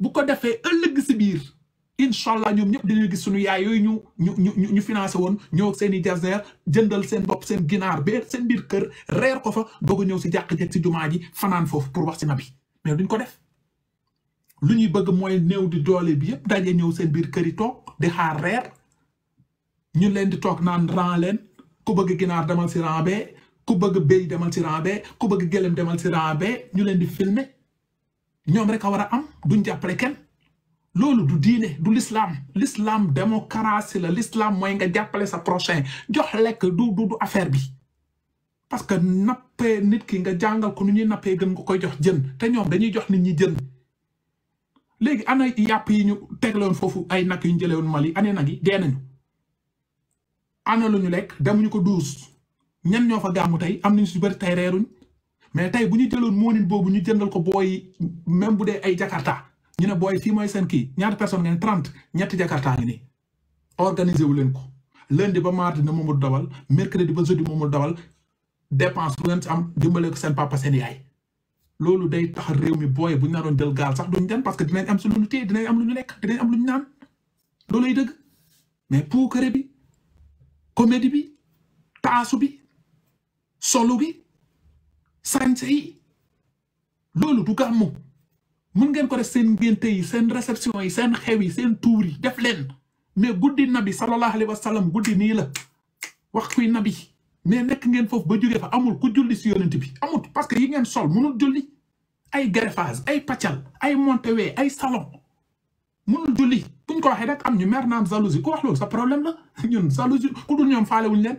bu ko defee ëllëg si biir incha allah ñoom ñëpp dañuy gis suñu yaay yooyu ñu ñu ñu ñu financé woon ñëw seen i jëndal seen bopp seen ginaar ba seen biir kër reer ko fa doog ñëw si jàq jeeg si jumaa ji fanaan foofu pour wax si nabi mais duñ ko def lu ñuy bëgg mooy néew di doole bi yëpp daje ñëw seen biir kër yi toog di xaar reer ñu leen di toog naan ran leen ku bëgg ginaar demal si ran ku bëgg béy demal si ran ku bëgg gëlëm demal si ran ñu leen di filmer ñoom rek war a am duñ jàppale kenn loolu du diine du lislaam l'islam karaasi la lislaam mooy nga jàppale sa prochain jox lekk du du du affaire bi parce que nappee nit ki nga jàngal ko nu ñuy nappee gën nga koy jox jën te ñoom dañuy jox nit ñi jën léegi ana yàpp yi ñu tegloon foofu ay nag yu ñu jëlewoon Mali ane nag yi dee nañu ana lu ñu lekk demuñu ko duus ñan ñoo fa gàmmu tey am nañu si bëri tey reeruñ mais tey bu ñu jëloon moonin boobu ñu jëndal ko booy même bu dee ay jakarta ñu ne booy fii mooy seen kii ñaata personne ngeen trente ñetti jakarta ngi nii organiser wu leen ko lundi ba mardi na moomul dawal mercredi ba jeudi moomul dawal dépense bu ngeen ci am dimbale ko seen papa loolu day tax réew mi booy bu ñu naroon jël gaal sax duñ dem parce que dinañ am suñu téye dinañ am lu ñu nekk dinañ am lu ñu naan loolay dëgg mais puukare bi comédie bi taasu bi solo bi santé yi loolu du gàmmu mun ngeen ko def seen ngénte yi seen réception yi seen xew yi seen tuur yi def leen mais guddi nabi sallallahu alayhi wa sallam guddi nii la wax kuy nabi mais nekk ngeen foofu ba jógee fa amul ku julli si yonent bi amut parce que yi ngeen sol munul julli ay greffage ay paccal ay montewee ay salon munul julli buñ ko waxee rek am ñu mer naam jalousie ku wax loolu sa problème na ñun jalousie ku dul ñoom faale wuñ leen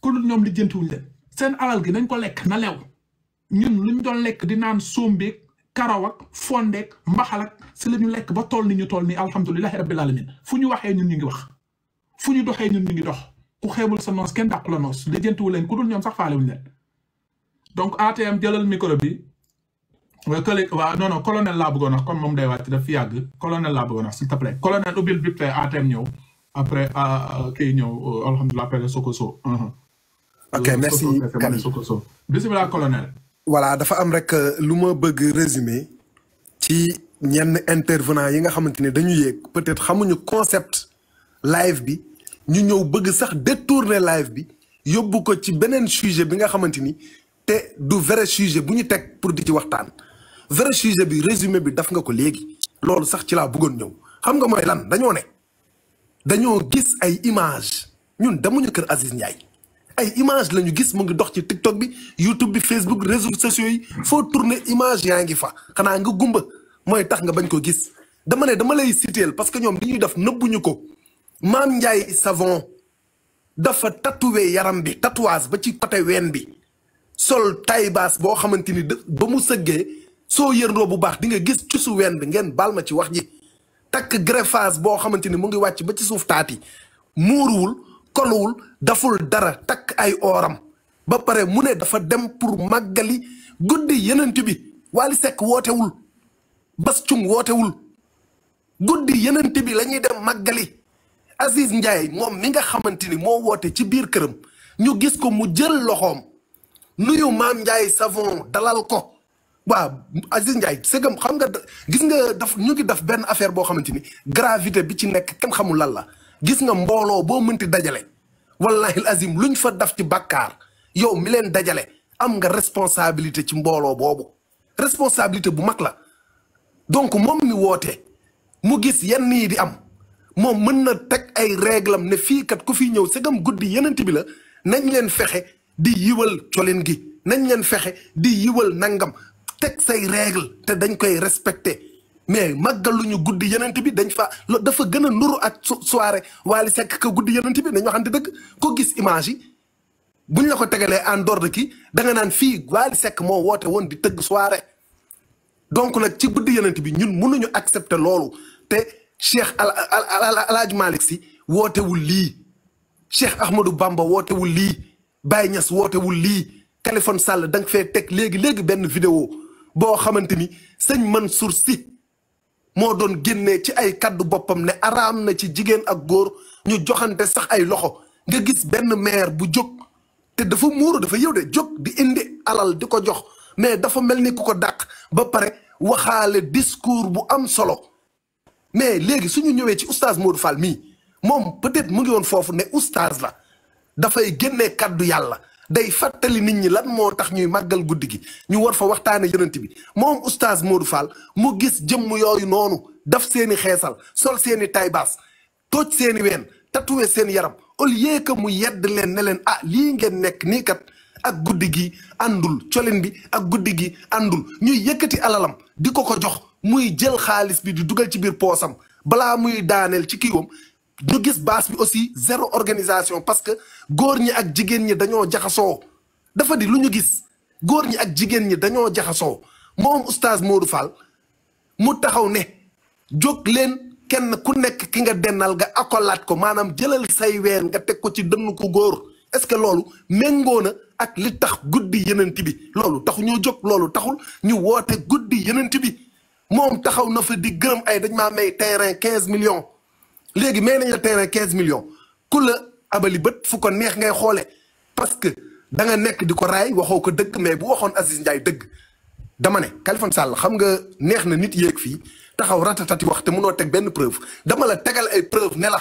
ku dul ñoom lijjanti wuñ seen alal gi nañ ko lekk na lew ñun luñ doon lekk di naan sombeeg karaw ak fondeeg mbaxal ak si la ñu lekk ba toll ni ñu toll nii alhamdulilahi rabbil alamin fu ñu waxee ñun ñu ngi wax fu ñu doxee ñun ñu ngi dox ku xeebul sa noos kenn dàqu la noos lijjantiwu leen ku dul ñoom sax faalewuñu leen donc ATM jëlal micro bi kële waaw non non colonel laa bëggoon wax comme moom day wàcc daf fi yàgg colonel laa bëggoon wax s'il te plaît colonel ubbil bi tey ATM ñëw après kii ok merci Kali bisimilah colonel. voilà dafa am rek euh, lu ma bëgg résumé ci ñenn intervenant yi nga xamante ne dañu yéeg peut-être xamuñu concept live bi ñu ñëw bëgg sax détourner live bi yóbbu ko ci beneen sujet bi nga xamante ni te du vrai sujet bu ñu teg pour di ci waxtaan vrai sujet bi résumé bi daf nga ko léegi loolu sax ci laa bëggoon ñëw xam nga mooy lan dañoo ne dañoo gis ay image ñun demuñu kër Aziz Ndiaye ay image la ñu gis mu ngi dox ci TikTok bi YouTube bi Facebook réseaux sociaux yi foo tourner image yaa ngi fa xanaa nga gumba mooy tax nga bañ ko gis dama ne dama lay citeel parce que ñoom li ñuy def nëbbuñu ko Maam Ndiaye Savon dafa tatoué yaram bi tatouage ba ci côté ween bi sol taille basse boo xamante ni ba mu sëggee soo yërndoo bu baax di nga gis cusu ween bi ngeen baal ma ci wax ji takk greffage boo xamante ni mu ngi wàcc ba ci suuf taati yi muuruwul kolluwul daful dara takk ay ooram ba pare mu ne dafa dem pour màggali guddi yenent bi Wally Seck wootewul Bass Thioung wootewul guddi yenent bi la ñuy dem màggali Aziz Ndiaye moom mi nga xamante ni moo woote ci biir këram ñu gis ko mu jël loxoom nuyu maam Ndiaye savon dalal ko waaw Aziz Ndiaye sëgam xam nga gis nga daf ñu ngi def benn affaire boo xamante ni gravité bi ci nekk kenn xamul lan la gis nga mbooloo boo mënti dajale wallahi azim luñ fa daf ci bakkaar yow mi leen dajale am nga responsabilité ci mbooloo boobu responsabilité bu mag la donc moom mi woote mu gis yenn yi di am moom mën na teg ay reglam ne fii kat ku fi ñëw segam guddi yenent bi la nañ leen fexe di yiwal colin gi nañ leen fexe di yiwal nangam teg say règle te dañ koy respecté mais màggaluñu guddi yenent bi dañ fa dafa gën a nuru ak soirée Wally Seck que guddi yenent bi dañu waxante dëgg ko gis image yi buñ la ko tegalee en dehors de kii da nga naan fii Wally Seck moo woote woon di tëgg soirée donc nag ci guddi yenent bi ñun mënuñu accepter loolu te Cheikh Alaaji malek si wootewul lii Cheikh Ahmadou Bamba wootewul lii Baye Niass wootewul lii Kaliphone Sall da nga fee teg léegi léegi benn vidéo boo xamante ni sëñ Mansour si moo doon génnee ci ay kàddu boppam ne araam na ci jigéen ak góor ñu joxante sax ay loxo nga gis benn maire bu jóg te dafa muuru dafa yëw de jóg di indi alal di ko jox mais dafa mel ni ku ko dàq ba pare waxaale discours bu am solo mais léegi su ñu ñëwee ci oustaz Modou Fall mii moom peut-être mu ngi woon foofu ne oustaz la dafay génnee kaddu yàlla day fàttali nit ñi lan moo tax ñuy màggal guddi gi ñu war fa waxtaane yonent bi moom oustaz Modou Fall mu gis jëmm yooyu noonu daf seeni xeesal sol seeni taybaas tooj seeni ween tatuwe seen yaram au lieu que mu yedd leen ne leen ah lii ngeen nekk nii kat ak guddi gi àndul colin bi ak guddi gi àndul ñuy yëkkati alalam di ko ko jox muy jël xaalis bi di dugal ci biir poosam balaa muy daaneel ci kiiwam ñu gis baas bi aussi zéro organisation parce que góor ñi ak jigéen ñi dañoo jaxasoo dafa di lu ñu gis góor ñi ak jigéen ñi dañoo jaxasoo moom oustaz Modou mu taxaw ne jóg leen kenn ku nekk ki nga dennal nga akolaat ko maanaam jëlal say ween nga teg ko ci dënn ko góor est-ce que loolu méngoo na ak li tax guddi yenent bi loolu taxu ñoo jóg loolu taxul ñu woote guddi yenent bi moom taxaw na fa di gërëm ay dañ maa may terrain quinze million léegi mé nañ la terrain 15 millions ku la abali beut fu ko neex ngay xolé parce que da nga nekk diko ray waxo ko dëgg mais bu waxone Aziz Ndiaye dëgg dama né Khalifa Sall xam nga neex na nit yéeg fi taxaw ratatati wax té mëno teg ben preuve dama la tégal ay preuve né la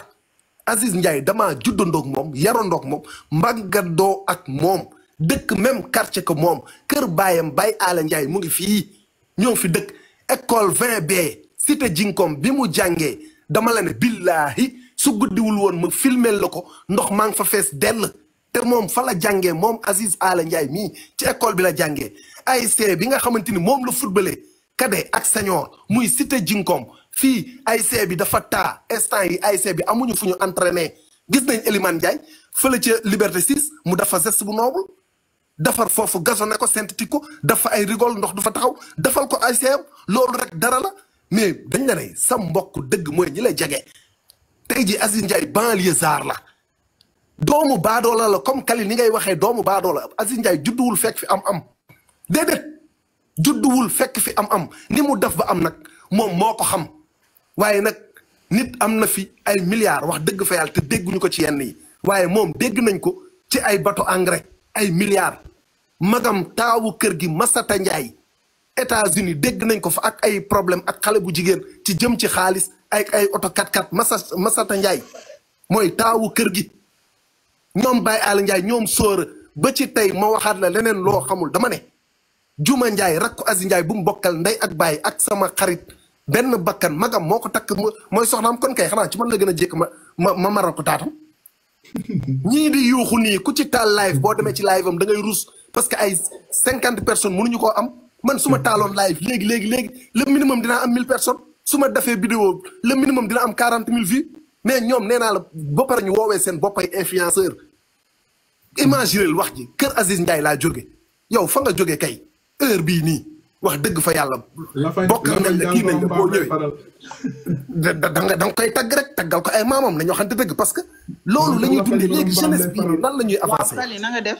Aziz Ndiaye damaa juddandoog moom yarandoog mom màggandoo ak mom dëkk même quartier que mom keur bayam bay Ala Ndiaye mu ngi fi ñoo fi dëkk école 20B cité Jinkom bi mu jangé dama la ne billaahi su guddiwul woon ma filmeel la ko ndox maa ngi fa fees dell te moom fa la jàngee moom Aziz Ala Ndiaye mii ci école bi la jàngee ay ASC bi nga xamante ni moom la footballé cadet ak senior muy cité jinkoom fii ay ASC bi dafa taa instant yi ay ASC bi amuñu fu ñu entraîner gis nañ Elimane Ndiaye fële ca Liberté 6 mu dafa geste bu noble defar foofu gazon ne ko synthétique ko dafa ay rigol ndox du fa taxaw defal ko ASC loolu rek dara la mais dañ la sam sa mbokk dëgg mooy ñi la jege tey ji Aziz Ndiaye banlieusard la doomu baadoola la comme Kali ni ngay waxee doomu baadoola Aziz Ndiaye judduwul fekk fi am-am déedéet judduwul fekk fi am-am ni mu def ba am nag moom moo ko xam waaye nag nit am na fi ay milliards wax dëgg fa te dégguñu ko ci yenn yi waaye moom dégg nañ ko ci ay bato engrais ay milliards magam taawu kër gi Massata Ndiaye États-Unis dégg nañ ko fa ak ay problème ak xale bu jigéen ci jëm ci xaalis ay ay oto 4x4 Massa Massata mooy taawu kër gi ñoom bay Alla Ndiaye ñoom Sóora ba ci tey ma waxaat la leneen loo xamul dama ne Juma njaay rakku asi njaay bu mu bokkal ndey ak baay ak sama xarit benn bakkan magam moo ko takk mooy soxnaam kon kay xanaa ci man la gën a jékk ma ma ma maral ko taatam ñii di yuuxu nii ku ci taal live boo demee ci live am da ngay ruus parce que ay cinquante personnes mënuñu koo am. man su ma taaloon live léegi léegi léegi le minimum dinaa am mille personnes su ma defee vidéo le minimum dina am quarante mille vues mais ñoom nee naa la ba pare ñu woowee seen bopp ay influenceur imaginez wax ji kër Aziz Ndiaye laa jóge yow fa nga jóge kay heure bii nii wax dëgg fa yàlla bokk nañ la kii nañ la boo ñëwee da danga da nga koy tagg rek taggal ko ay maamam nañu waxante dëgg parce que loolu la ñuy dundee léegi jeunesse bii lan la ñuy avancé na nga def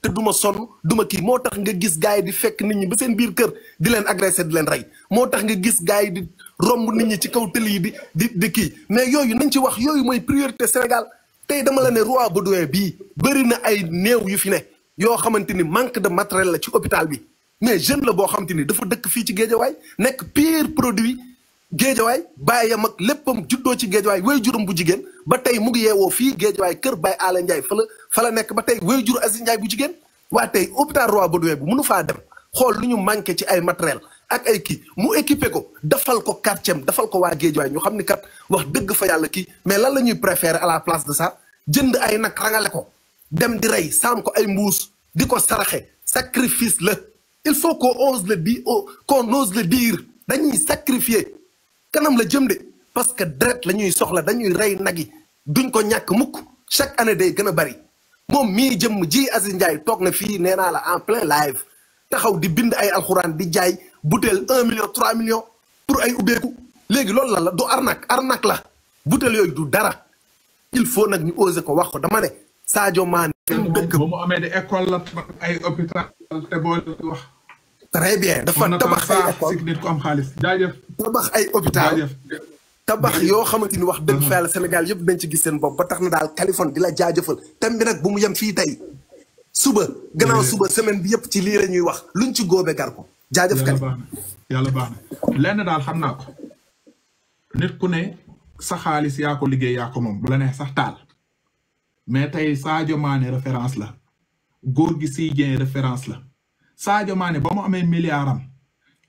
te duma ma sonn du kii moo tax nga gis gars yi di fekk nit ñi ba seen biir kër di leen agressé di leen rey moo tax nga gis gars yi di romb nit ñi ci kaw tëli yi di di kii mais yooyu nañ ci wax yooyu mooy priorité Sénégal tey dama la ne roi Baudouin bii bëri na ay néew yu fi ne yoo xamante ni manque de matériel la ci hôpital bi mais jeune la boo xamante ni dafa dëkk fii ci géejawaay nekk pire produit géejawaay bàyyam ak léppam juddoo ci géejawaay way juróom bu jigéen ba tey mu ngi yeewoo fii Géejawaay kër bay Alé Ndiaye fa la fa la nekk ba tey wéy jur Aziz Ndiaye bu jigéen waa tey hôpital Roi Baudouin bu mënu faa dem xool lu ñu manqué ci ay matériel ak ay kii mu équipé ko defal ko quartier defal ko waa Géejawaay ñu xam ni kat wax dëgg fa yàlla kii mais lan la ñuy préférer à la place de ça jënd ay nag rangale ko dem di rey saam ko ay mbuus di ko saraxe sacrifice la il faut qu'on ose le dire oh, qu'on ose le dañuy sacrifier kanam la jëm parce que deret la ñuy soxla dañuy rey nag yi duñ ko ñàkk mukk chaque année day gën a bari moom mii jëmm ji Aziz Ndiaye toog na fii nee naa la en plein live taxaw di bind ay alxuraan di jaay butéel un million trois millions pour ay ubbeeku léegi loolu lan la du arnaque arnaque la butéel yooyu du dara il faut nag ñu oser ko wax ko dama ne Sadio Mané. dëkk ba mu amee di école la ay hôpital te boo wax. très bien dafa tabax ay école nit tabax mmh. yoo xamante ni wax dëgg mmh. fa yàlla Sénégal yëpp dañ ci gis seen bopp ba tax na daal Kaliphone di la jaajafal thème bi nag bu mu yem fii tey suba gannaaw mmh. suba semaine bi yëpp ci lii la ñuy wax luñ ci góobe gar ko jaajëf Kali yàlla baax na lenn daal xam naa ko nit ku ne sa xaalis yaa ko liggéey yaa ko moom bu la neex sax taal mais tey Sadio Mané référence la góor gi Sy Dieng référence la Sadio Mané ba mu amee milliard am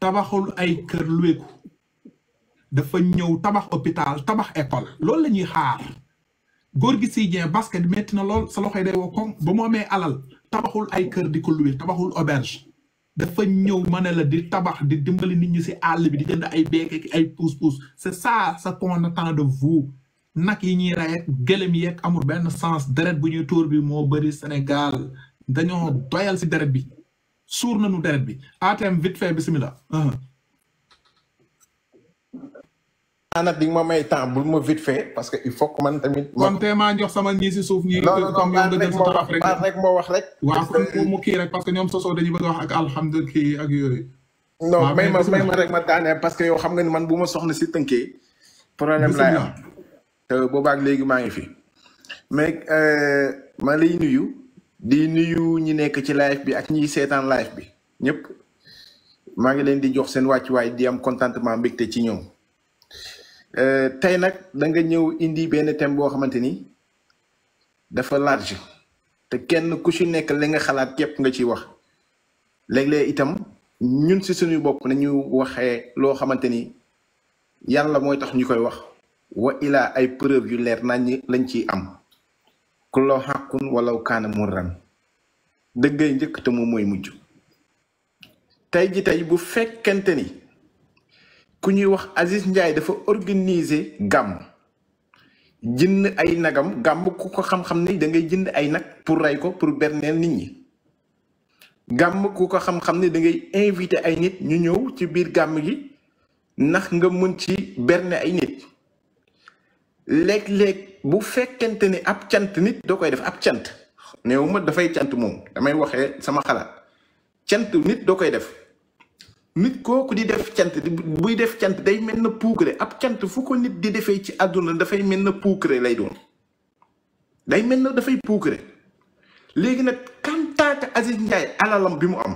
tabaxul ay kër luweeku dafa ñëw tabax hôpital tabax école loolu la ñuy xaar góor gi si jeen basket métti na lool sa loxoy day woo koŋ ba mu amee alal tabaxul ay kër di ko luwe tabaxul auberge dafa ñëw ma ne la di tabax di dimbali nit ñi si àll bi di jënd ay beek ay pousse-pousse c'est ça ce qu'on attend de vous nag yi ñuy rey ak gëlëm yeeg amul benn sens deret bu ñuy tuur bi moo bëri Sénégal dañoo doyal si deret bi suur nañu deret bi ATM vite fait bismillah uh-huh. ana di ma may temps vite fait parce que faut que man tamit. kon tey jox sama si non comme je rek rek wax rek. pour mu ki rek parce que ñom soso dañu bëgg wax ak ki ak non may ma may rek ma parce que yow xam nga ni man buma soxna suis problème la ngi fi. mais euh, ma lay nuyu. di nuyu ñi nekk ci live bi ak ñi live bi ñep ma ngi leen di jox seen di am contentement mbégte ci Euh, tey nag da nga ñëw indi benn thème boo xamante ni dafa large te kenn ku ci nekk li nga xalaat képp nga ciy wax léeg-léeg itam ñun ci suñu bopp nañu waxee loo xamante ni yàlla mooy tax ñu koy wax wa ilaa ay preuve yu leer nañ lañ ciy am ku loo xàkkun walaw kaana murran dëggay njëkk te moom mooy mujj tey ji tey bu fekkente ni ku ñuy wax Aziz Ndiaye dafa organiser gàmm jënd ay nagam gàmm ku ko xam-xam ne da ngay jënd ay nag pour rey ko pour berneel nit ñi gàmm ku ko xam-xam ne dangay invité ay nit ñu ñëw ci biir gàmm gi ndax nga mën ci berne ay nit léeg-léeg bu fekkente ni ab cant nit doo koy def ab cant new ma dafay cant moom damay waxee sama xalaat cant nit doo koy def nit kooku di def cant buy def cant day mel na puukare ab cant fu ko nit di defee ci àdduna dafay mel na puukare lay doon day mel na dafay puukare léegi nag kantaaka Aziz Ndiaye alalam bi mu am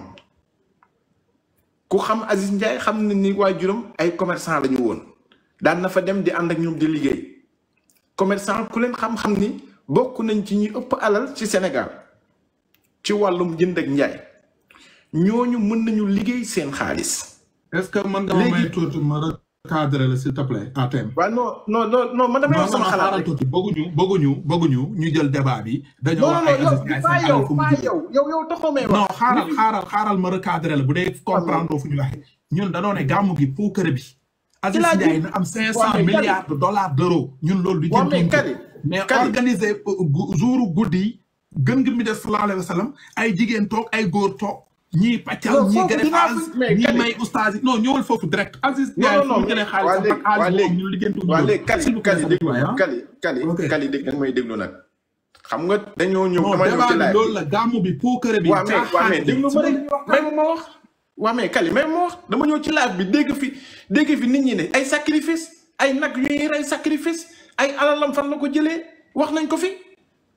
ku xam Aziz Ndiaye xam na ni waajuram ay commerçant la ñu woon daan na fa dem di ànd ak ñoom di liggéey commerçant ku leen xam-xam ni bokk nañ ci ñuy ëpp alal ci senegal ci wàllum jënd ak njaay ñu mën nañu liggéey seen xaalis. est-ce que mën nga may tuuti ma recadrer la s'il te plaît à thème. waaw non non non non man damay sama xalaat rek bëgguñu bëgguñu bëgguñu ñu jël débat bi. dañoo wax ay associations yow yow yow yow taxaw may wax. non xaaral xaaral xaaral ma recadrer la bu dee comprendre fu ñu waxee. ñun danoo ne gàmmu gi kër bi. Aziz Ndiaye na am cinq cent milliards de dollars d'euros ñun loolu. lu jëm mais organiser euh, jouru guddi gën gi mi def sallallahu alayhi wa sallam ay jigéen toog ay góor toog. ñii pàccal ñii gën a ñii may oustaz non ñëwal foofu direct. Aziz non non non waa léegi waa léegi waa léegi Kali Kali déglu Kali Kali ah. Kali dégg may déglu nag. xam nga dañoo ñëw dama ñëw ci laaj loolu la gàmmu bi puukare bi. waaw mais waaw mais déglu wax. waaw mais Kali mais ma wax dama ñëw ci laaj bi dégg fi dégg fi nit ñi ne ay sacrifice ay nag yu ñuy rey sacrifice ay alalam fan la ko jëlee wax nañ ko fi.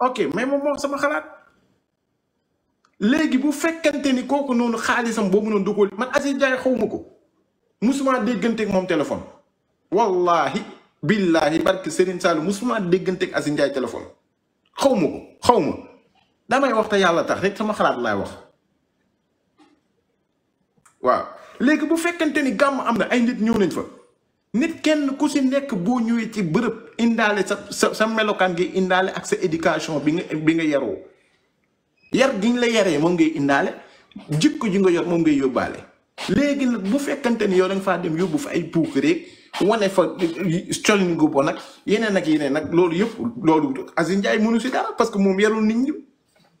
ok mais moom moom sama xalaat léegi bu fekkante ni kooku noonu xaalisam boobu noonu du ko man Aziz Ndiaye xawma ko musuma déggante ak moom téléphone wallahi billahi barke Serigne Sall musuma déggante ak Aziz Ndiaye téléphone xawma ko xawma damay wax te yàlla tax rek sama xalaat lay wax waaw léegi bu fekkante ni gàmm am na ay nit ñëw nañ fa nit kenn ku si nekk boo ñëwee ci bërëb indaale sa sa sa melokaan gi indaale ak sa éducation bi nga bi nga yaroo yar gi la yaree moom ngay indaale jikko ji nga yor moom ngay yóbbaale. léegi nag bu fekkante ni yow da faa dem yóbbu fa ay puuk rek wane fa colin gu bon nag yeneen ak yeneen nag loolu yëpp loolu Aziz Ndiaye mënu si dara parce que moom yarul nit ñi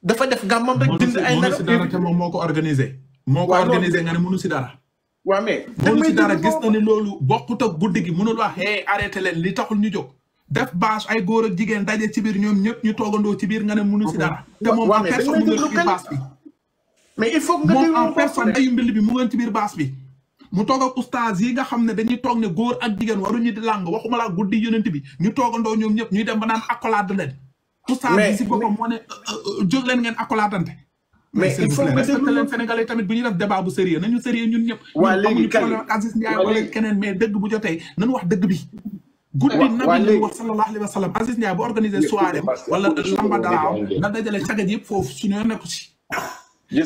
dafa def gàmmam rek. dindi ay nag si dara te moom moo ko organisé. moo ko organisé nga ne mënu si dara. waa mais. ci dara gis na ni loolu bokkut ak guddi gi mënul wax hey arrêté leen li taxul ñu jóg. def bâche ay góor ak jigéen daje ci biir ñoom ñëpp ñu toogandoo ci biir nga mënu ci dara. te moom mais il faut moom en personne ayu mbill bi mu ngeen ci biir bâche bi. mu toog ak yi nga xam ne dañuy toog ne góor ak jigéen waruñu di làng waxuma laa guddi yonent bi ñu toogandoo ñoom ñëpp ñuy dem ba naan accolade leen. oustaz bi si boppam moo ne euh, euh, jóg leen ngeen accoladante mais il faut nga déglu leen sénégalais tamit bu ñuy def débat bu sérieux nañu sérieux ñun ñëpp waa léegi kan amuñu problème Aziz Ndiaye wala keneen mais dëgg bu jotee nañu wax dëgg bi guddi nabi li wax sallallahu alayhi wa sallam Aziz Ndiaye bu organisé soirée wala lamba dalaaw na dajale sagat yëpp foofu suñu yoon nekku si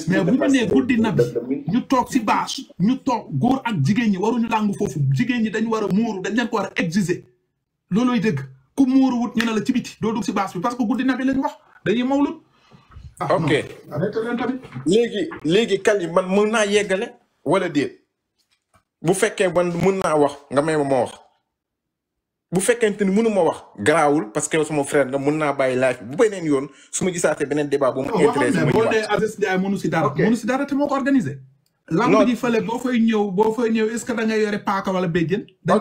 mais bu ñu nee guddi nabi ñu toog si bâche ñu toog góor ak jigéen ñi waruñu làngu foofu jigéen ñi dañ war a muuru dañ leen ko war a exiger loolooy dëgg ku muuru wut ñu ne la ci biti doo dugg si bâche bi parce que guddi nabi lañ wax dañuy mawlut Ah, ok arrêté leen tamit. léegi léegi Kali man mën naa yeggale wala déet bu fekkee man mën naa wax nga may ma ma wax bu fekkente ni mënu ma wax garaawul parce que suma frère nga mën naa bàyyi live bu beneen yoon su ma gisaatee beneen débat bu mu intéressé. ma boo dee Aziz Ndiaye mënu si dara. mënu si dara te moo ko organisé. lamb boo fay ñëw boo fay ñëw est-ce que da nga yore paaka wala béjjén. dañ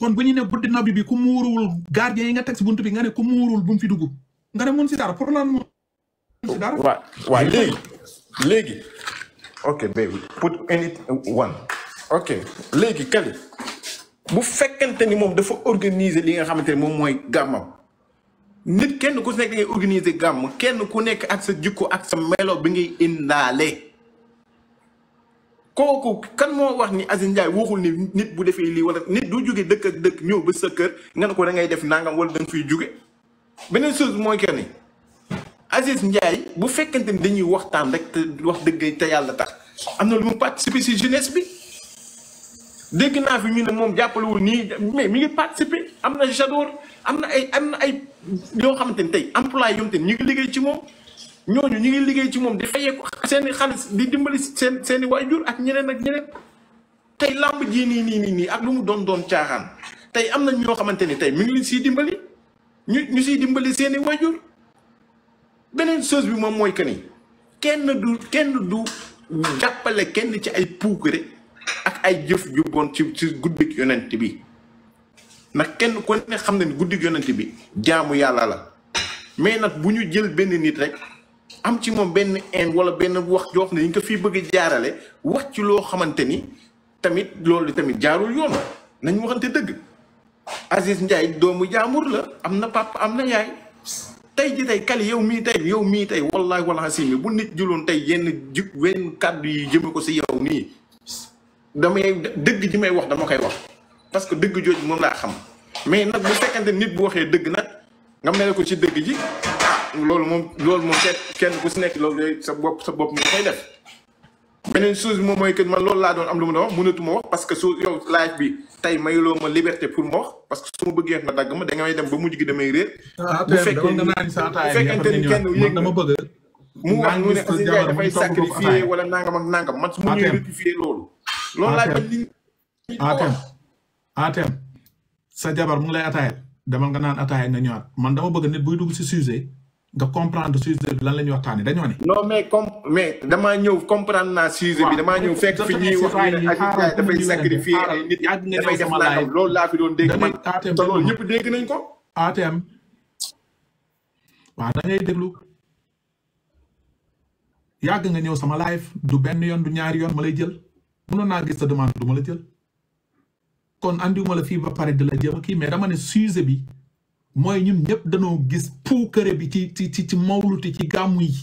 kon bu ñu ne buddi nabi bi ku muuruwul gardien yi nga teg si buntu bi nga ne ku muuruwul bu mu nga ne mënu si dara pour lan waaw waaw léegi léegi ok baby put any one ok léegi Kali bu fekkente ni moom dafa organiser li nga xamante ni moom mooy gàmmam nit kenn ku nekk ngay organiser gàmm kenn ku nekk ak sa jikko ak sa melo bi ngay indaale kooku kan moo wax ni Aziz Ndiaye ni nit bu defee lii wala nit du jóge dëkk ak dëkk ñëw ba sa kër nga ne ko da ngay def nangam wala da nga fiy jóge beneen chose mooy kenn Aziz Ndiaye bu fekkente ni dañuy waxtaan rek te wax dëgg te yàlla tax am na lu mu participer si jeunesse bi dégg naa fi ñu ne moom jàppalewul nii mais mi ngi participer am na Jador am na ay am na ay yoo xamante ni tey emploi yom te ñu ngi liggéey ci moom ñooñu ñu ngi liggéey ci moom di fayeeku seen i xaalis di dimbali seen seen i ak ñeneen ak ñeneen tey làmb ji nii nii nii nii ak lu mu doon doon caaxaan tey am na ñoo xamante ni tey mi ngi siy dimbali ñu ñu siy dimbali seen i beneen chose bi moom mooy que ni kenn du kenn du jàppale kenn ci ay puukare ak ay jëf yu bon ci guddik yonent bi ndax kenn ku ne xam ne ni guddik yonent bi jaamu yàlla la mais nag bu ñu jël benn nit rek am ci moom benn ind wala benn wax joo xam ne ñu ko fii bëgg jaarale wax ci loo xamante ni tamit loolu tamit jaarul yoon nañ waxante dëgg Aziz Ndiaye doomu jaamur la am na papa am na yaay tey ji tey kali yow mii tey yow mii tey wallahi wala simi bu nit juloon tey yenn ji wenn kàddu yi jëme ko si yow nii damay dëgg ji may wax dama koy wax parce que dëgg jooju moom laa xam mais nag bu fekkante nit bu waxee dëgg nag nga mel ko ci dëgg ji loolu moom loolu moom kenn ku si nekk loolu sa bopp sa bopp mu koy def beneen chose bi moom mooy que man loolu laa doon am lu ma doon wax mënatuma parce que soo yow live bi tey mayuloo ma liberté pour ma parce que su ma bëggee nga dagg ma da ngay dem ba mujj gi damay réer. Ah, bu fekkee bu fekkente ni kenn yéeg dama bëgg. mu wax mu ne ma ñuy rectifié loolu. loolu sa jabar mu ngi lay ataaya nga naan ataaya nga ñëwaat man dama bëgg nit buy dugg si sujet nga comprendre sujet bi lan la ñuy waxtaanee dañoo ne. non mais comme mais damaa ñëw comprendre naa sujet bi damaa ñëw fekk fi ñuy wax ne Aziz dafay sacrifier ay nit dafay def naan loolu laa fi doon dégg ñëpp dégg nañ ko. ATM waaw da ngay déglu nga ñëw sama live du benn yoon du ñaari yoon ma lay jël mënoon naa gis sa demande du ma la jël kon ma la fii ba pare de la jëm kii mais dama ne sujet bi. mooy ñun ñëpp danoo gis pour puukare bi ci ci ci mawlute ci gàmmu yi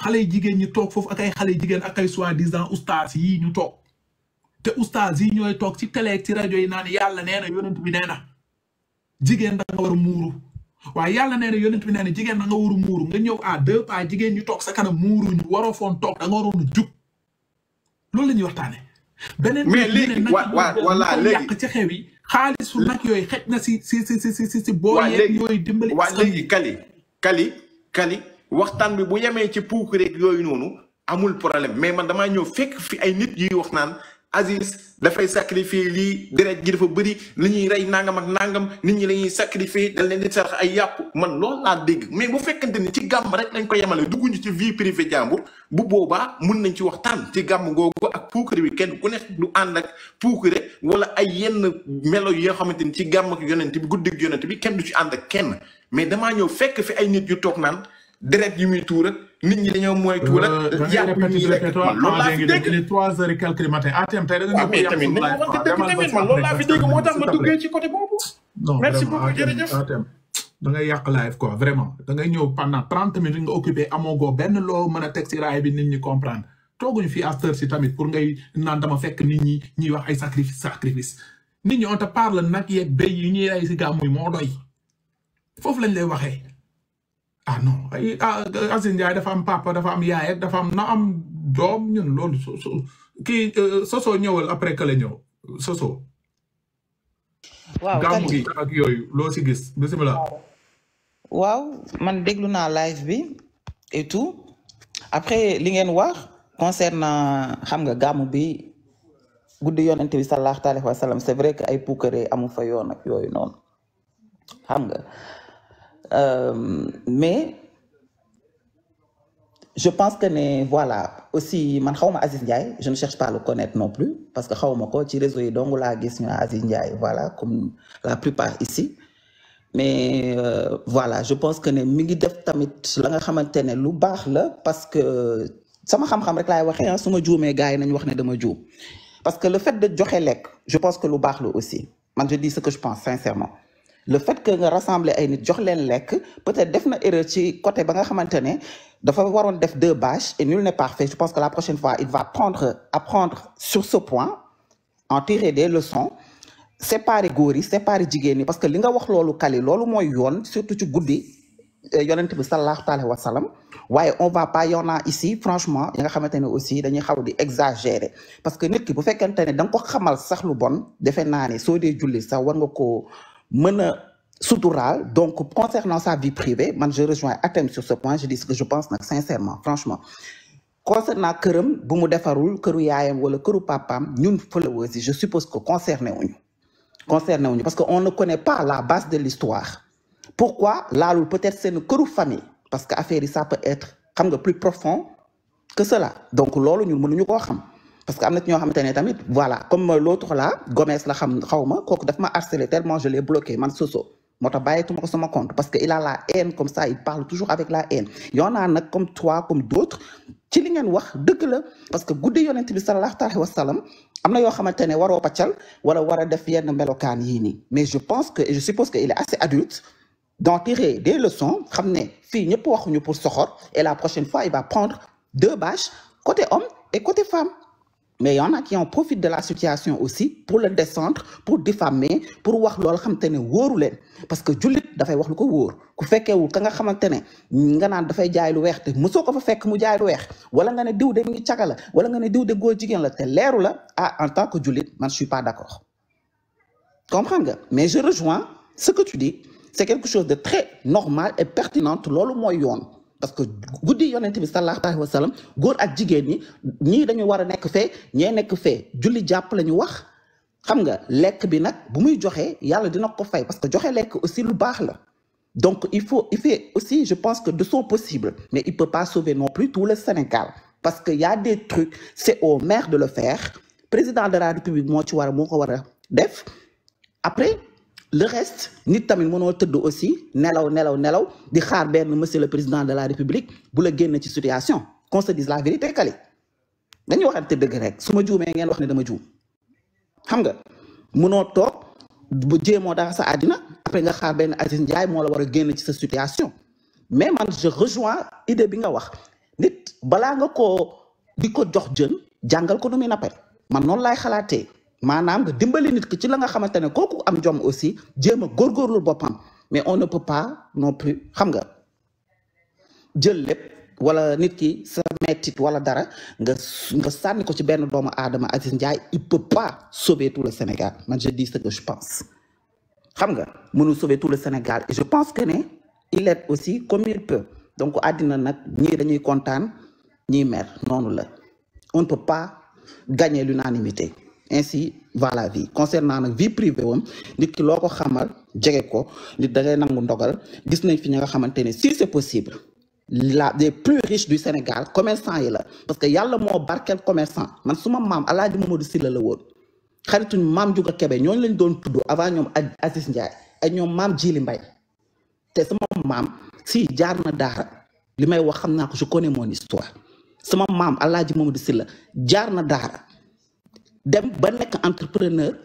xale yi jigéen ñi toog foofu ak ay xale jigéen ak ay soi-disant ustaas yi ñu toog te ustaas yi ñooy toog ci télé ci rajo yi naan yàlla nee na yonent bi nee na jigéen da war a muuru waaye yàlla nee na yonent bi nee na jigéen da nga war a muuru nga ñëw à deux pas jigéen ñu toog sa kanam muuru ñu waroo foon toog da nga waroon loolu la ñuy waxtaane beneen mais léegi wa wa voilà léegi yàq yi xaalisu nag yooyu xëj na si si si si si si boo yeeg yooyu dimbali waa léegi kali kali kali waxtaan bi bu yemee ci puuk rek yooyu noonu amul problème mais man damaa ñëw fekk fi ay nit yuy wax naan Aziz dafay sacrifier lii deret gi dafa bëri li ñuy rey nangam ak nangam nit ñi lañuy sacrifier dañ leen di sarax ay yàpp man loolu laa dégg mais bu fekkante ni ci gàmm rek lañ ko yemale dugguñu ci vie privée jàmbur bu boobaa mun nañ ci waxtaan ci gàmm googu ak puukare bi kenn ku nekk du ànd ak puukare wala ay yenn melo yoo xamante ni ci gàmm ak yonent bi guddig yonent bi kenn du ci ànd ak kenn mais damaa ñëw fekk fi ay nit yu toog naan deret yi muy tuur ak nit ñi dañoo moytu euh, rek. yàq yi rek man loolu laa fi dégg les trois heures et quelques matin ah, ah, ah, nga ko yàq tamit nañu waxante dëgg tamit man loolu laa fi dégg moo tax ma duggee ci côté boobu. non vraiment da ngay pendant trente minutes nga occupé amoo benn loo mën a teg si raay bi nit ñi comprendre tooguñu fi after si tamit pour ngay naan dama fekk nit ñi ñuy wax ay sacrifice sacrifice nit ñi on te parle nag yeeg béy yi ñuy rey si gàmmu yi moo doy foofu lañ lay waxee. ah non eh, ay ah, Aziz dafa am papa dafa am yaay dafa am na am doom ñun loolu euh, soso ñëwal après que la ñëw soso. waaw gàmmu gi loo si gis bisimilah. waaw man déglu naa live bi et tout après li ngeen wax concernant xam nga gàmmu bi guddi yonent bi sallallahu alayhi wa c'est vrai que ay puukare amu fa yoon ak yooyu noonu xam nga. Euh, mais je pense que mais voilà aussi man xawma Aziz Ndiaye je ne cherche pas à le connaître non plus parce que xawma ko ci réseau yi dong laa ñu Aziz Ndiaye voilà comme la plupart ici mais euh, voilà je pense que ne mi ngi def tamit la nga xamantene lu bax la parce que sama xam-xam rek laay waxee hein su ma juumee nañ wax né dama juum parce que le fait de joxe lek je pense que lu bax la aussi man je dis ce que je pense sincèrement le fait que nga rassembler ay nit jox peut-être def na erreur ci côté ba nga dafa deux bâches et nul n'est parfait je pense que la prochaine fois il va prendre apprendre sur ce point en tirer des leçons séparer pas séparer pas parce que li nga wax lolu kali lolu surtout ci euh, alayhi wa sallam on va pas en ici franchement nga aussi dañuy xaw di exagérer parce que nit ki bu ko xamal sax lu bon war donc concernant sa vie privée je rejoins Atem sur ce point je dis ce que je pense sincèrement franchement concernant la bu wala Papam, ñun followers je suppose que concerné nous, concerné parce qu'on ne connaît pas la base de l'histoire pourquoi la peut-être une une famille parce que ça peut être comme plus profond que cela donc loolu nous ne koo xam parce que am na ci tamit voilà comme l'autre là Gomes la xam xaw ma daf ma harcelé tellement je l'ai bloqué man soso moo tax bàyyeetuma sama compte parce que il a la haine comme ça il parle toujours avec la haine y en a un comme toi comme d'autres ci li ngeen wax dëgg la parce que vous yonent bi sallallahu alayhi wa sallam am na yoo xamante ne waroo paccal wala wara a def yenn melokaan yii mais je pense que je suppose que il est assez adulte d'en tirer des leçons ramener, ne fii ñëpp pour soxor et la prochaine fois il va prendre deux bâches côté homme et côté femme mais il y en a qui en profitent de la situation aussi pour le descendre pour diffamer pour wax loolu xamante ne wóoru leen parce que jullit dafay wax lu ko wóor ku fekkeewul ka nga xamante ne nga naan dafay jaay lu weex te mosoo ko fa fekk mu jaay lu weex wala nga ne diw de mi ngi caga la wala nga ne diw de góor jigéen la te leeru la ah en tant que jullit man je suis pas d'accord comprends nga mais je rejoins ce que tu dis c'est quelque chose de très normal et pertinent loolu mooy yoon parce que goudi yonent bi sallallahu alayhi wa sallam góor ak jigen ni ni dañu wara nek fe ñe nek fe julli japp lañu wax xam nga lek bi nak bu muy joxe yalla dina ko fay parce que joxe lek aussi lu bax la donc il faut il fait aussi je pense que de son possible mais il peut pas sauver non plus tout le Sénégal parce que y a des trucs c'est aux maire de le faire président de la République moi, ci wara moko wara def après le reste nit tamit mënoo teud aussi nelaw nelaw nelaw di xaar ben monsieur le président de la république bu la génn ci situation qu'on se dise la vérité kali dañuy waxante deug rek suma ma juumee ngeen wax ne dama juum xam nga mënoo toog bu jéemoo da sa adina, après nga xaar ben Aziz Ndiaye moo la war ci sa situation mais man je rejoins idée bi nga wax nit bala nga ko di ko jox jën jangal ko nu muy man non lay xalaatee maanaam nga dimbali nit ki ci la nga xamante ne am jom aussi jéem a góorgóorlu mais on ne peut pas non plus xam nga jël lépp wala nit ki sa mettit wala dara nga nga sànni ko ci ben doomu adama Aziz ndjay il peut pas sauver tout le Sénégal man je dis ce que je pense xam nga mënul sauver tout le Sénégal et je pense que né il est aussi comme il peut donc adina nak ñi dañuy contane ñi mer nonu la on ne peut pas gagner l'unanimité ainsi va la vie concernant la vie privée wam nit ki loko xamal jege ko nit da ngay nangu ndogal gis nañ fi nga xamante si c'est possible la des plus riches du Sénégal commerçant yi la parce que yalla mo barkel commerçant man suma mam Alaaji Mamadou Sylla la won xarituñ mam djuga kébé ñoo lañ doon tuddu avant ñom Aziz Ndiaye ak ñoom maam Jili Mbay te suma mam, si jaar na daara li wax xamna ko je connais mon histoire suma mam Alaaji Mamadou Sylla jaar na d'ara dem ba nek entrepreneur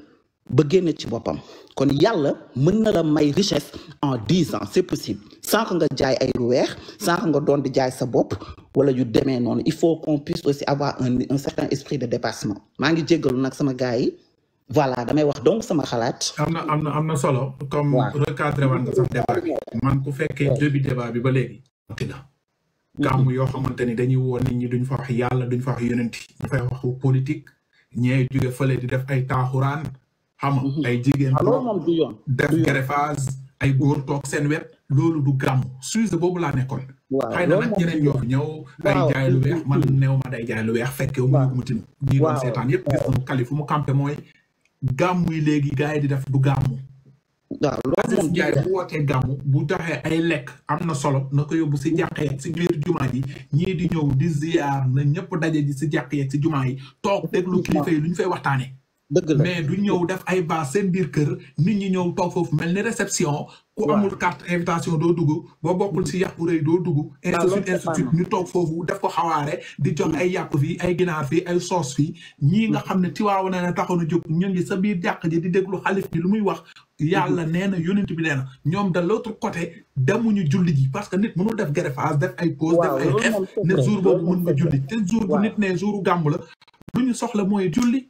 ba génne ci bopam kon yalla mën na la may richesse en 10 ans c'est possible sans nga jaay ay lu weex sans nga don di jaay sa bop wala yu démé non il faut qu'on puisse aussi avoir un un certain esprit de dépassement maa ngi jéggalu nag sama gars yi voilà damay wax donc sama xalaat. amna amna amna solo. comme recadrer woon nga sax débat man ku fekkee début débat bi ba légui gàmm yoo xamante ni dañuy won nit ñi duñ fa wax yalla duñ fa wax yonenti yonent dafay wax politique. ñe ñee jóge fële di def ay taaxuraan xam mhm. ay jigéen ah, def greffage ay góor toog seen wet loolu du gàmm suise boobu laa nekkoon xëy na nag ñeneen ñoo fi ñëw lu weex man néew ma day jaay lu weex fekkewu mu mu tin ñii doon seetaan yëpp gis nañu kali mu campé mooy gàmm yi léegi gars yi di def du gàmm waaw loolu moom jaay bu wootee gàmmu bu joxee ay lekk am na solo na ko yóbbu si jàq yeeg si biir jumaa yi ñii di ñëw di ziar na ñëpp daje ji si jàq yeeg si jumaa yi toog déglu kilifa yi lu ñu waxtaanee. dëgg la mais du ñëw def ay ba seen biir kër nit ñi ñëw toog foofu mel ni réception. ku amul carte invitation doo dugg boo bokkul si yàpp rëy doo dugg. institut institut ñu toog foofu def ko xawaare di jox ay yàpp fii ay ginaar fii ay sauce fii ñii nga xam ne tiwaawu na ne taxoon a jóg ñu ngi sa biir jàq ji di déglu xalif bi lu muy wax. yàlla nee na yonent bi nee na ñoom de l' autre côté demuñu julli ji parce que nit mënul def greffage def ay pause def ay xef ne jour boobu mën nga julli te jour bu nit ne jouru gàmb la lu ñu soxla mooy julli.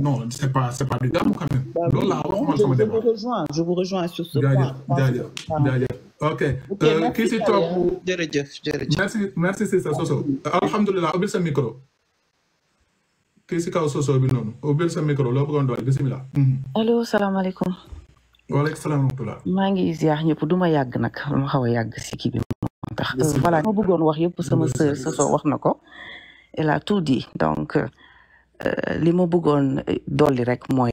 non, ce pas, pas des dames quand même. Bah je, vous rejoins, sur ce point. D'ailleurs, d'ailleurs. Ok. Euh, merci, merci, c'est ça, Soso. Euh, Alhamdulillah, ce micro. Qu'est-ce Soso au ce micro, bismillah. Mhm. Allô, salam wa ziar voilà wax sama sœur Soso wax elle a tout dit donc. Euh, Euh, li ma bëggoon dolli rek mooy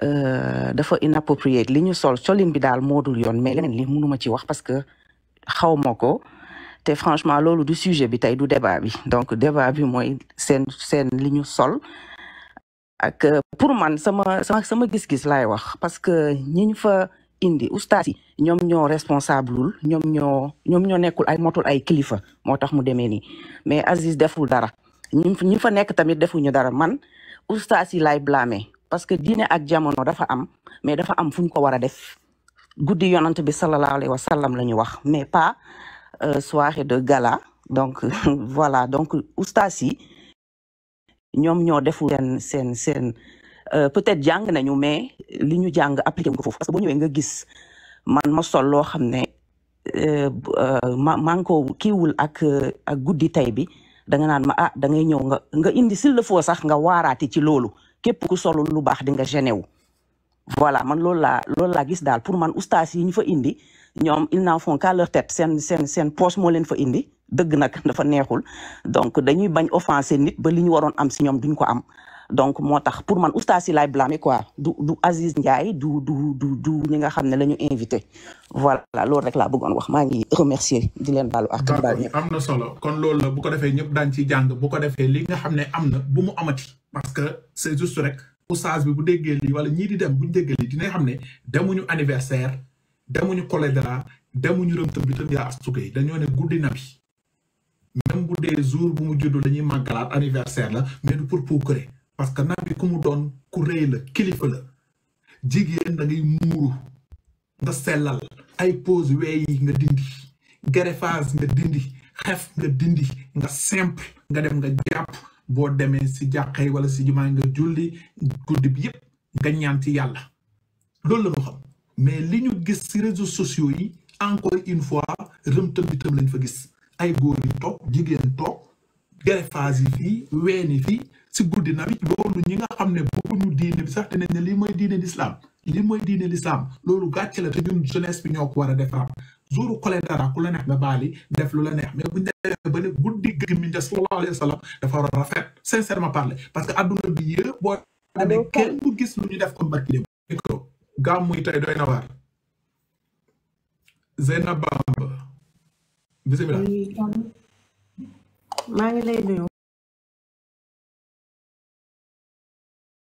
euh, dafa inapproprié li ñu sol colin bi daal moodul yoon mais leneen li mënuma ci wax parce que xaw ma ko te franchement loolu du sujet bi tey du débat bi donc débat bi mooy seen seen li ñu sol ak pour man sama sama sama gis-gis laay wax parce que ñi ñu fa indi ustaas yi ñoom ñoo responsableul ñoom ñoo nekkul ay motul ay kilifa moo tax mu demee nii mais Aziz deful dara ñi fa nekk tamit defuñu dara man ustaas yi laay parce que diine ak jamono dafa am mais dafa am fu ñu ko war a def guddi yonant bi sallallahu alayhi wa sallam la ñu wax mais pas euh, soirée de gala donc voilà donc ustaas yi ñoom ñoo deful seen seen seen euh, peut-être jàng nañu mais li ñu jàng appliqué ko foofu parce que boo ñëwee nga gis man ma sol loo xam ne euh, ma maa ngi kiiwul ak ak guddi tey bi da nga naan ma ah da ngay ñëw nga nga indi s'il le faut sax nga waaraate ci loolu képp ku solul lu baax di nga gêné wu voilà man loolu laa loolu laa gis daal pour man ustaas yi ñu fa indi ñoom ils n'en font qu'à leur tête seen seen seen poche moo leen fa indi dëgg nag dafa neexul donc dañuy bañ offenser nit ba li ñu waroon am si ñoom duñ ko am donc motax pour man oustaz yi laay blâmer quoi du du Aziz Ndiaye du du du du ñi nga xam ne invité voilà lool rek la bëggone wax ma ngi remercier di leen balu ak baal ñëpp am solo kon loolu la bu ko défé ñep dañ ci jang bu ko défé li nga xamné amna bu mu amati parce que c'est juste rek oustaz bi bu déggee lii wala ñi di dem buñ déggee lii dinañ xam demuñu anniversaire demuñu koledra demuñu rëmtëm bi tam yaa astukay dañu ne goudi nabi même bu des jours bu mu juddu lañuy ñuy anniversaire la mais du pour pour créer parce que nabi ku mu doon ku rëy la kilifa la jigéen da muuru nga sellal ay pose weey nga dindi greffage nga dindi xef nga dindi nga simple nga dem nga jàpp boo demee si jàqee wala si jumaa nga julli guddi bi yépp nga ñaan ci yàlla loolu la ñu xam mais li ñu gis ci réseaux sociaux yi encore une fois rëmtëm bi tam lañ fa gis ay góor yi toog jigéen toog greffage yi fii ween yi fii si guddi na bi loolu ñi nga xam ne bëgguñu diine bi sax dinañ ne lii mooy diine lislaam lii mooy diine lislaam loolu gàcce la te ñun jeunesse bi ñoo ko war a defar jouru kole dara ku la neex nga baali def lu la neex mais buñ demee ba ne guddi gëm mi sallallahu alayhi wa dafa a rafet sincèrement parler parce que adduna bi yëpp boo demee kenn du gis lu ñu def comme barki dem micro gàmm muy tey doy na waar Zeynab Bamba maa ngi lay nuyu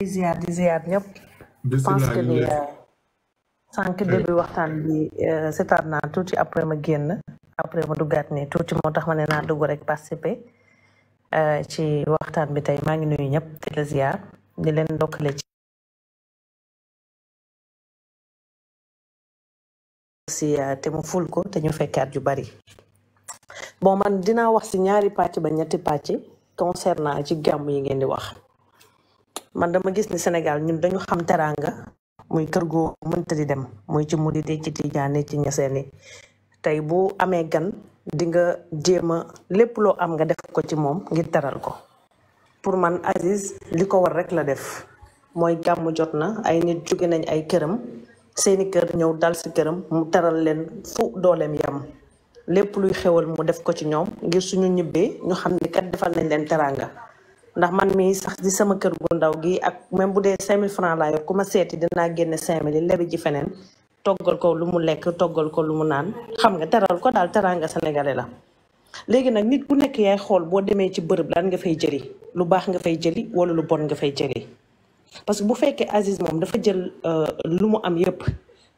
di ziar di ziar ñëpp pense que ni euh, sànq eh. début waxtaan bi euh, seetaan naa tuuti après ma génn après ma duggaat ne tuuti moo tax ma ne naa dugg rek participer euh, ci waxtaan bi tey maa ngi nuyu ñëpp di la ziar di leen ndokkale ci si te mu ful ko te ñu fekkaat yu bari bon man dina wax ci ñaari patch ba ñetti patch concernant ci gàmm yi ngeen di wax man dama gis ni senegal ñun dañu xam teranga muy kër go mënta di dem muy ci mouride ci tijaane ci ñeseeni tay bu amé gan di nga djema lepp lo am nga def ko ci mom ngir teral ko pour man Aziz liko war rek la def moy gàmm jotna ay nit jugé nañ ay kërëm seeni kër dal si kërëm mu teral len fu dolem yam lépp luy xewal mu def ko ci ñoom ngir suñu ñibbee ñu xam ni kat defal nañ leen teranga ndax man mii sax di sama kër gu ndaw gi ak même bu dee 5000 francs laa yor ku ma seeti dinaa génne 5000 lebi ji feneen toggal ko lu mu lekk toggal ko lu mu naan xam nga teral ko daal teranga sénégalais la. léegi nag nit ku nekk yaay xool boo demee ci bërëb lan nga fay jëli lu baax nga fay jëli wala lu bon nga fay jëli parce que bu fekkee Aziz moom dafa jël euh, lu mu am yépp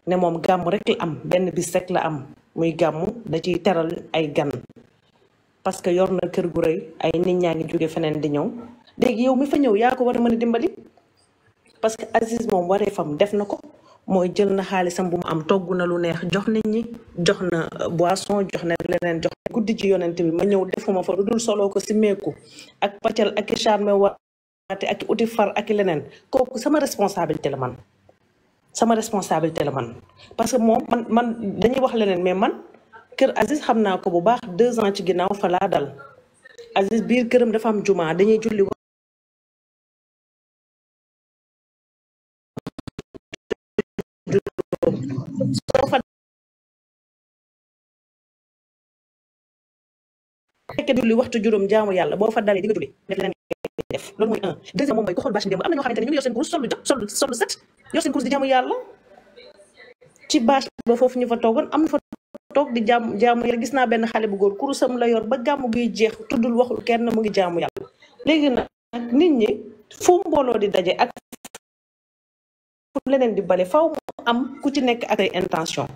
ne moom gàmm rek la am benn bis rek la am. muy gàmmu da ciy teral ay gan parce que yor na kër gu rëy ay nit ñaa ngi jóge feneen di ñëw léegi yow mi fa ñëw yaa ko war a mën a dimbali parce que Aziz moom waree fam def na ko mooy jël na xaalisam bu mu am togg na lu neex jox nit ñi jox na euh, boisson jox na leneen jox na guddi ci yonent bi ma ñëw defuma fa lu dul soloo ko si meeku ak paccal ak i charme waate ak i uti far ak i leneen kooku sama responsabilité la man sama responsabilité la man parce que moom man man dañuy wax leneen mais man kër Aziz xam naa ko bu baax deux ans ci ginnaaw fa laa dal Aziz biir këram dafa am jumaa dañuy julli soo fa fekkee julli waxtu juróom jaamu yàlla boo fa dalee di nga julli def loolu mooy un deuxième moom mooy ko xool bâche bi am na ñu ngi yor seen kurus sol lu jot set yor seen kurus di jaamu yàlla ci bâche ba foofu ñu fa toogoon am na fa toog di jàmm jaamu yàlla gis naa benn xale bu góor kurusam la yor ba gàmm guy jeex tuddul waxul kenn mu ngi jaamu yàlla léegi nag nit ñi fu mbooloo di daje ak fu leneen di bale faw mu am ku ci nekk ak ay intention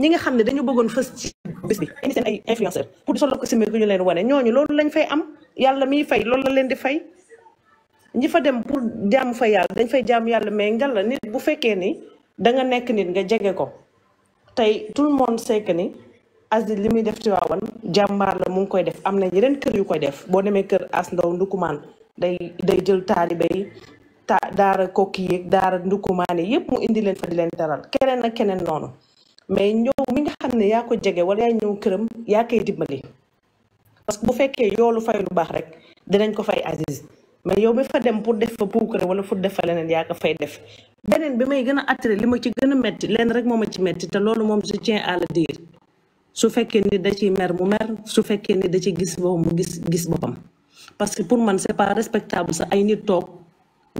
ñi nga xam ne dañu bëggoon fës ci bés bi indi seen ay influenceur pour di solo ko simé ñu leen wane ñooñu loolu lañ fay am yàlla miy fay loolu la leen di fay ñi fa dem pour jaamu fa yàlla dañ fay jaamu yàlla mais ngal la nit bu fekkee ni da nga nekk nit nga jege ko tey tout le monde sait ni Aziz li muy def ci waawan jàmbaar la mu ngi koy def am na yeneen kër yu koy def boo demee kër as ndaw ndukumaan day day jël taalibe yi ta daara kokki yeeg daara ndukumaan yi yépp mu indi leen fa leen teral keneen ak keneen noonu mais ñëw mi nga xam ne yaa ko jege wala yaa ñëw këram yaa koy dimbali parce que bu fekkee yoolu fay lu baax rek dinañ ko fay Aziz mais yow mi fa dem pour def fa puukare wala pour def fa leneen yaa ko fay def beneen bi may gën a attiré li ma ci gën a metti leen rek moo ma ci metti te loolu moom je tiens à le dire su fekkee ni da ciy mer mu mer su fekkee ni da ci gis boppam mu gis gis boppam parce que pour man c'est pas respectable sax ay nit toog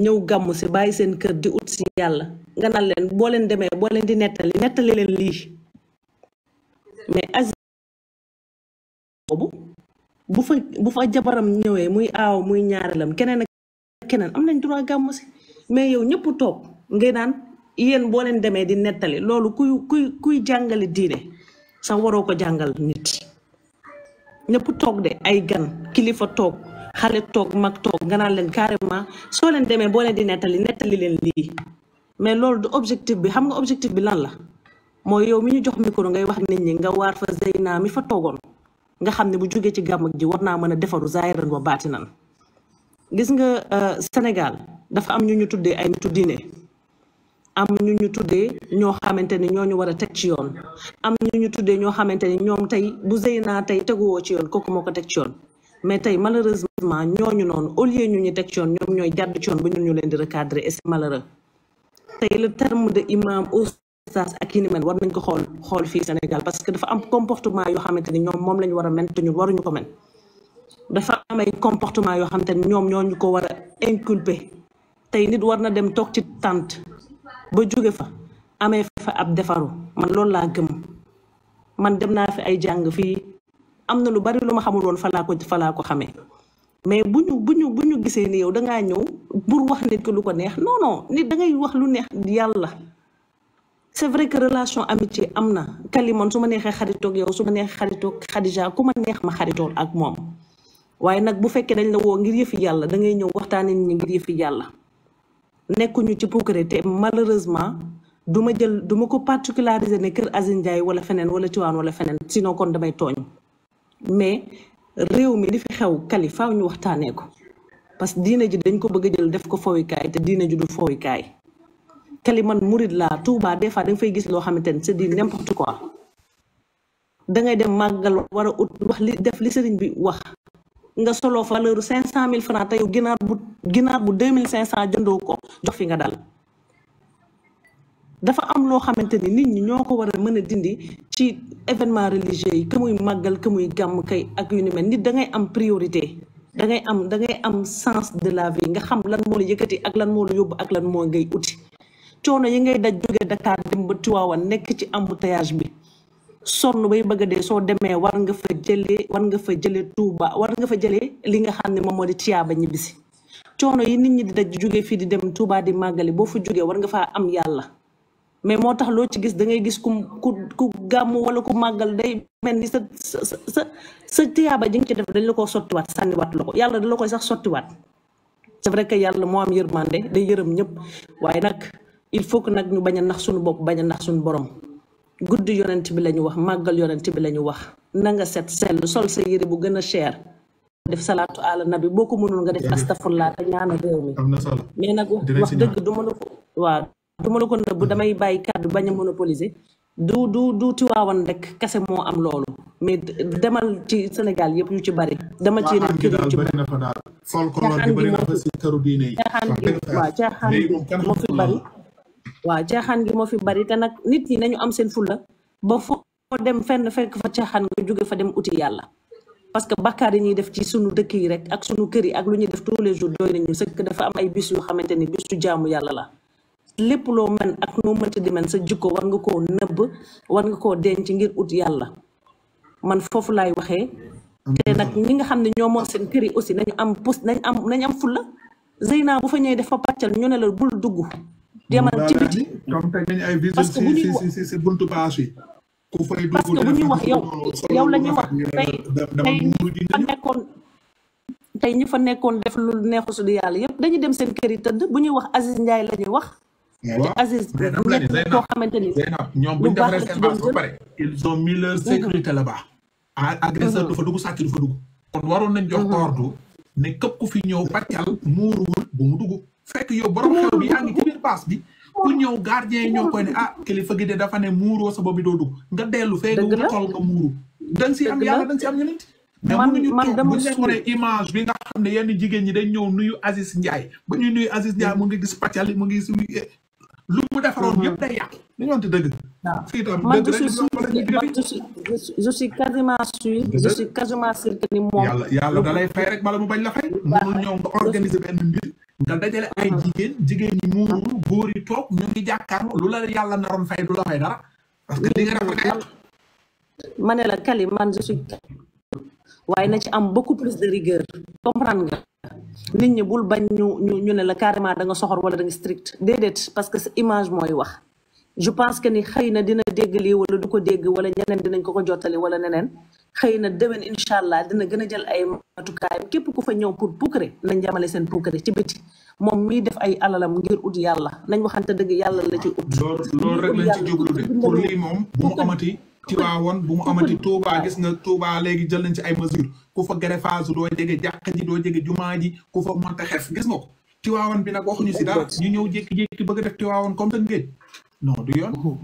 ñëw gàmmu si bàyyi seen kër di ut si yàlla nga naan leen boo leen demee boo leen di nettali nettali leen lii mais as boobu bu fa bu fa jabaram ñëwee muy aaw muy ñaareelam keneen ak am nañ droit gàmmu si mais yow ñëpp toog ngay naan yéen boo leen demee di nettali loolu kuy kuy kuy jàngale diine sax waroo ko jàngal nit ñëpp toog de ay gan kilifa toog xale toog mag toog nga naan leen carrément soo leen demee boo leen di nettali nettali leen lii mais loolu du objectif bi xam nga objectif bi lan la mooy yow mi ñu jox micro ngay wax nit ñi nga waar fa Zeyna mi fa toogoon nga xam ne bu jógee ci gàmm ji war naa mën a defaru zaahiran wa baatinan gis nga euh, Sénégal dafa am ñu ñu tuddee ay nitu diine am ñu ñu tuddee ñoo xamante ni ñoo ñu war a teg ci yoon am ñu ñu tuddee ñoo xamante ni ñoom tey bu naa tey teguwoo ci yoon kooku moo ko teg ci yoon mais tey malheureusement ñooñu noonu au lieu ñu ñu teg ci yoon ñoom ñooy jàdd ci yoon ba ñun ñu leen di recadrer et c'est malheureux tey le terme de imam au distance ak yi ni mel war nañ ko xool xool fii Sénégal parce que dafa am comportement yoo xamante ni ñoom moom lañu war a mel ko mel dafa am comportement yoo xamante ni ñoom ñooñu ko war a inculper tey nit war na dem toog ci tànt ba jóge fa amee fa ab defaru man loolu laa gëm man dem naa fi ay jàng fii am na lu bari lu ma xamul woon fa laa ko falaa laa ko xamee mais bu ñu bu ñu ñu gisee ni yow dangaa ñëw pour wax nit ki lu ko neex non non nit dangay wax lu neex yàlla c'est vrai que relation amitié am na Kali man su ma neexee xaritoog yow su ma neexee xaritoog Khadija ku ma neex ma xaritool ak moom waaye nag bu fekkee dañ la woo ngir yëfi yàlla da ngay ñëw waxtaanee nit ñi ngir yëfi yàlla nekkuñu ci puukare te malheureusement du ma jël du ma ko particulariser ne kër Aziz Ndiaye wala feneen wala Tiwaan wala feneen sinon kon damay tooñ mais réew mi li fi xew Kali ñu waxtaanee ko parce que diine ji dañ ko bëgg jël def ko fowikaay te diine ji du tali man la laa Touba des fois da nga fay gis loo xamante ne c'est du n'importe quoi dangay dem màggal wara a ut wax li def li sëriñ bi wax nga solo fa valeur cinq cent mille francs te yow ginaar bu bu deux mille cinq cent jëndoo ko jox fi nga dal dafa am loo xamante ni nit ñi ñoo ko war a mën a dindi ci événement religieux yi que muy màggal que muy gàmm kay ak yu ni mel nit dangay am priorité dangay am dangay am sens de la vie nga xam lan moo la yëkkati ak lan moo la yóbbu ak lan moo ngay uti coono yi ngay daj jóge Dakar dem ba Tiwaawan nekk ci embouteillage bi sonn bay bëgg a soo demee war nga fa jëlee war nga fa jëlee Touba war nga fa jëlee li nga xam ne moom moo di tiyaaba ñibbisi coono yi nit ñi di daj jóge fii di dem Touba di màggali boo fa jógee war nga faa am yàlla mais moo tax loo ci gis da ngay gis ku ku ku gàmm wala ku màggal day mel ni sa sa sa sa tiyaaba ji nga ci def dañ ko sottiwaat sànniwaat loo ko yàlla da la koy sax sottiwaat c'est yàlla moo am yërmande day yërëm ñëpp il faut que nag ñu bañ a nax suñu bopp bañ a nax suñu borom gudd yonent bi la ñu wax màggal yonent bi la ñu wax na nga set sell sol sa yére bu gën a chair def salaatu ala nabi boo ko mënul nga def astafurlaa te ñaanal réew mi mais nag wax dëgg ma la ko waaw du ma la ko nëbb damay bàyyi kàddu bañ a monopoliser du du du tiwaawan rek kese moo am loolu mais demal ci Sénégal yëpp yu ci bari dama ci moo fi bari waaw caaxaan gi moo fi bari te nag nit ñi nañu am seen fulla ba foo dem fenn fekk fa caaxaan nga jóge fa dem uti yàlla parce que bàkkaar yi ñuy def ci sunu dëkk yi rek ak sunu kër yi ak lu ñuy def tous les jours doy nañu sëkk dafa am ay bis yu xamante ni bisu jaamu yàlla la lépp loo mën ak noo mënta di mën sa jikko war nga koo nëbb war nga koo denc ngir ut yàlla man foofu lay waxee te nag ñi nga xam ne ñoo moom seen kër yi aussi nañu am pus nañ am nañ am fulla Zeyna bu fa ñëwee dafa pàccal ñu ne la bul dugg demal ci biti parce que bu ñuy wax parce que bu wax yow yow la ñuy wax tey tey ñi fa nekkoon fa nekkoon def lu neexu su di yàlla yëpp dañuy dem seen yi tëdd bu ñuy wax Aziz Ndiaye la ñuy wax. te Aziz nekk koo xamante ni. ñoom bu ñu defaree seen base ba pare. ils ont mis leur mm-hmm. sécurité là-bas. Ah, agresseur du dugg sàcc du dugg. kon waroon nañ jox mm-hmm. ordre ne képp ku fi ñëw bàccal muuruwul bu mu dugg. fekk yow borom xew bi yaa ngi ci biir paas bi ku ñëw gardien ñoo koy ne ah kilifa gi de dafa ne muuroo sa boobu doo dugg nga dellu fee nga tool nga muuru da nga si am yàlla da nga si am yonent man man image bi nga xam ne yenn jigéen ñi dañ ñëw nuyu Aziz Ndiaye bu ñu nuyu Aziz Ndiaye mu ngi gis pàccal mu ngi gis eh, lu mu defaroon yëpp day yàq dañu wante dëgg fii tam man je suis quasiment sûr je suis quasiment sûr que ni moom yàlla yàlla da lay fay rek bala mu bañ la fay mënul ñëw nga organiser benn mbir nga dajale ay jigéen jigéen ñi muuru góor yi ñu ngi jàkkaarloo lu la yàlla naroon fay du la fay dara parce que li nga def ak ma ne la Kali man je suis waaye na ci am beaucoup plus de rigueur comprendre nga nit ñi bul bañ ñu ñu ne la carrément da nga soxor wala da nga strict déedéet parce que sa image mooy wax je pense que ni xëy na dina dégg lii wala du ko dégg wala ñeneen dinañ ko ko jottali wala neneen xeyna demen inshallah dina gëna jël ay matukaay képp ku fa ñëw pour poukré nañ jamale sen poukré ci biti mom mi def ay alalam ngir ut yàlla nañ waxante dëgg yàlla la ci ut. lool rek lañ ci jublu de pour li mom bu mu amati. ci waawon bu mu amati Touba gis nga Touba légui jël nañ ci ay mesure ku fa géré phase do jege jakk ji do jege juma ji ku fa monte xef gis nga ko waawon bi nak waxu ñu ci dara ñu ñëw jékki-jékki bëgg def ci waawon comme ngeen non du yoon.